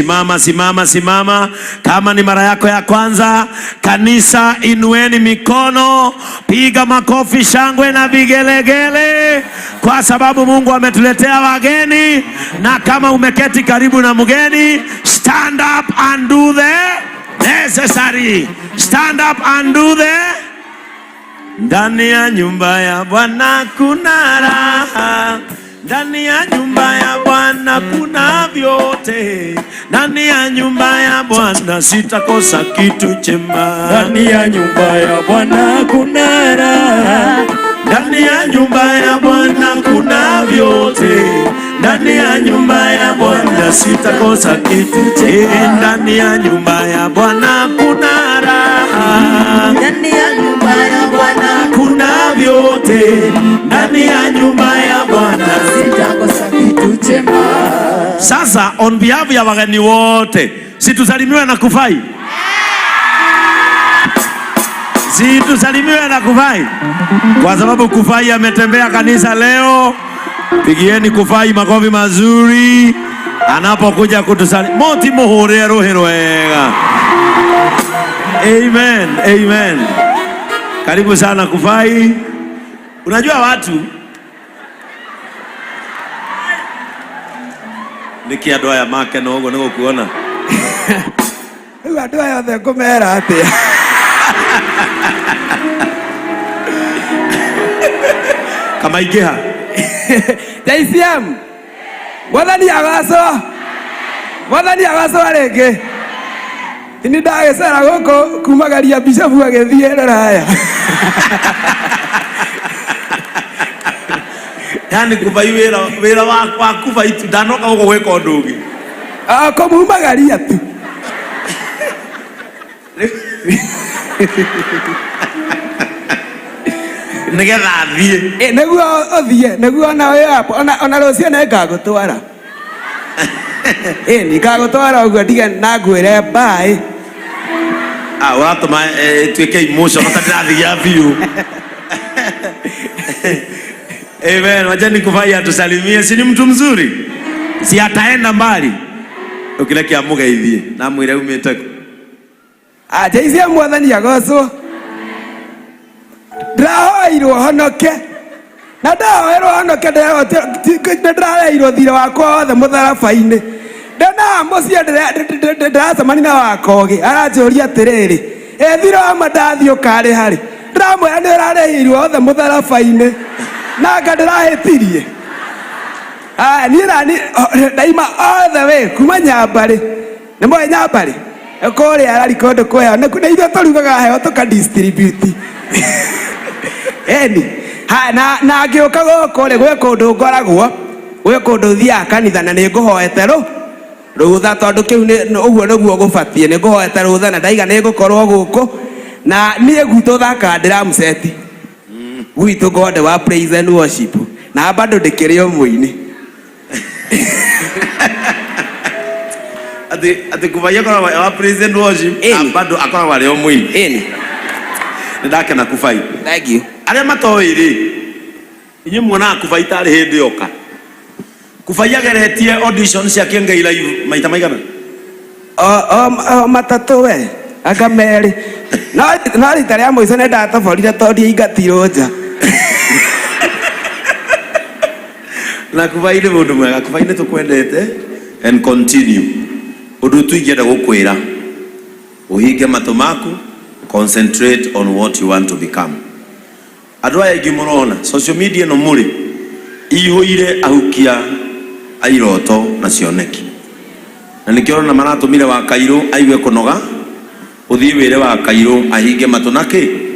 Simama, simama, simama. Kama ni mara yako ya kwanza kanisa, inueni mikono, piga makofi, shangwe na vigelegele, kwa sababu Mungu ametuletea wageni. Na kama umeketi karibu na mgeni, stand up and do the necessary. Stand up and do the ndani ya nyumba ya Bwana kuna raha, ndani ya nyumba ya Bwana kuna vyote ndani ya nyumba ya Bwana sitakosa kitu chema. Ndani ya nyumba ya Bwana kuna raha. Ndani ya nyumba ya Bwana kuna vyote. Ndani ya nyumba ya Bwana sitakosa kitu chema. Ndani ya nyumba ya Bwana kuna raha. Ndani ya nyumba ya Bwana kuna vyote. Ndani ya nyumba ya Bwana sitakosa kitu chema. Sasa on behalf ya wageni wote, situsalimiwe na kufai, situsalimiwe na kufai, kwa sababu kufai ametembea kanisa leo. Pigieni kufai makofi mazuri anapokuja kutusalimia. Moti muhurie ruhi rwega. Amen, amen. Karibu sana kufai. Unajua watu niki andå aya make na å guo nä gå kuona rä u andå aya othe ngå mera atä a kamaingä ha JCM mwathani agacoa wathani agacoa rä ngä nä ndagä cara gå kå kumagaria bicabu agä thiä roraya yani kuva wira wira wakwa kuva itu ndanoka guko gwika undu ungi ako ah, mumagaria tu nigetha thie eh, niguo uthie niguo ona hapo ona rucio ne ngagutwara eh, nikagutwara uguo ndiga na ngwire mbae uratuma ah, ituike eh, emotion atandirathia biu Amen. Wacha kufanya atusalimie, si ni mtu mzuri, si ataenda mbali ukira kiamuga ithie namwira umite ku ateithie ah, mwathani agocwo ndirahoirwo honoke na ndahoerwo honoke ndirareirwo thira wakwa wothe mũtharaba-inĩ ndenaa mũciĩ ndiracemani na wakogi aranjũria atĩrĩrĩ ĩ thira wa mandathi ũkarĩ harĩ ndiramwĩra nĩ ũrarĩhirwo wothe mũtharaba-inĩ nanga ndä rahä tirie niä ranidaima othe w kuma nyambarä nä moä nyambarä åkå rä ararikå ndå kwheonä ihuo tå rugaga heo tå ka nna ngä å ka gå kå rä gwä kå ndå ngoragwo gwä kå ndå thiagakanitha na nä ngå hoete rå rå tha tondå käu å guo nä guo gå batiä nä ngå hoete rå tha na ndaiga nä ngå korwo gå kå na niä gutå thakandä ramuceti we to God wa praise and worship na bado ndikiri o muini ati ati kufanya kwa wa praise and worship na bado akora wale o muini eni ndake na kufai thank you arĩa matoĩ rĩ inyuĩ muonaga kufai tarĩ hĩndĩ yoka kufai ageretie audition cia kĩngei live maita maigana o matatũ we anga merĩ no rita rĩa mũico nĩ ndatoborire tondĩ aingatirwo nja na kubainä må ndå mwega kuainä tå kwendete å ndå tuingända gå kwä ra å hinge matå makuy andå aya aingä må rona ia ä no må rä ihå ire ahukia airoto nacioneki na nä kä orona maratå mire wakairå aigue kå noga å thiä wä re wa kairå ahinge matå nakä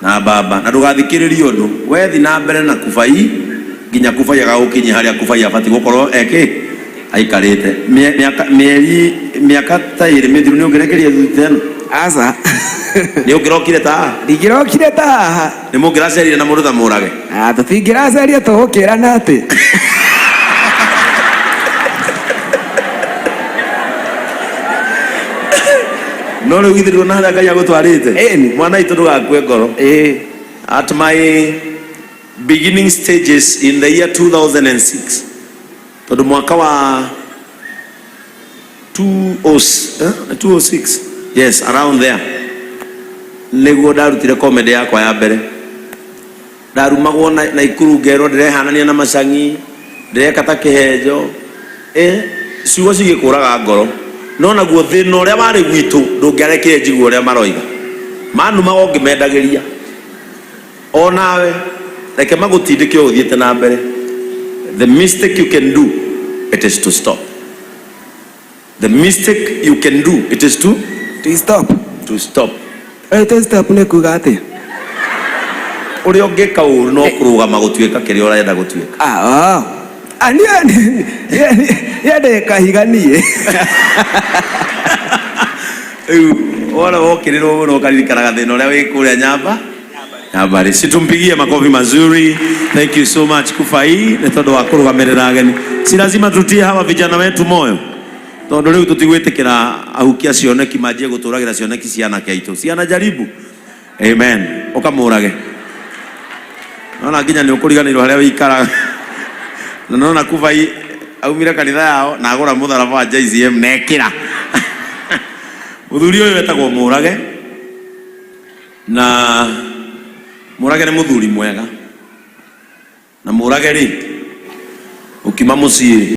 na baba na ndugathikiririe undu wethi na mbere na kubai nginya kubai agaukinyi haria kubai abati gukorwo eki aikarite mieri miaka ta iri mithiru ni ungirekeria thuteno asa ni ungirokire ta ndingirokire ta ni mungiracerire na mundu ta murage ah, tutingiraceria na ati no rä u githä rä na harä a ngai agå twarä te eh, mwana itå ndå gakue ngoro eh. at my beginning stages in the year 2006 tondå mwaka wa 206 yes around there niguo ndarutire komedi yakwa ya mbere ndarumagwo na ikuru ngerwo ndirehanania na macangi kä henjo eh, ciugo cigikuraga ngoro nona guo thina uria wari gwitu ndungiarekire njigua uria maroiga manuma ungimeendagiria o nawe reke magutindike uthiete na mbere the mistake you can do it is to stop the mistake you can do it is to to stop to stop eh to stop ne kugate uri uria ungika uru no kurugama gutuika kiria urenda gutweka ah ah ndekahiganie rä u wona wokä rä rwo no karirikanaga thä na å rä a wä kå rä a nyamba nyambarä si tumpigie makofi mazuri. Thank you so much Kufai nä tondå wa kå rå gamä rä ageni, si lazima tutie hawa vijana wetu moyo tondå rä u ahukia cioneki manjie gå tå ragä ra cioneki cianake aitå ciana jaribu amen å kamå nona nginya nä å kå riganä rwo na no kubai aumire kanitha yao na agora mutharaba wa JCM nekira muthuri uyu wetagwo murage na murage ni muthuri mwega na murage ri ukima mucii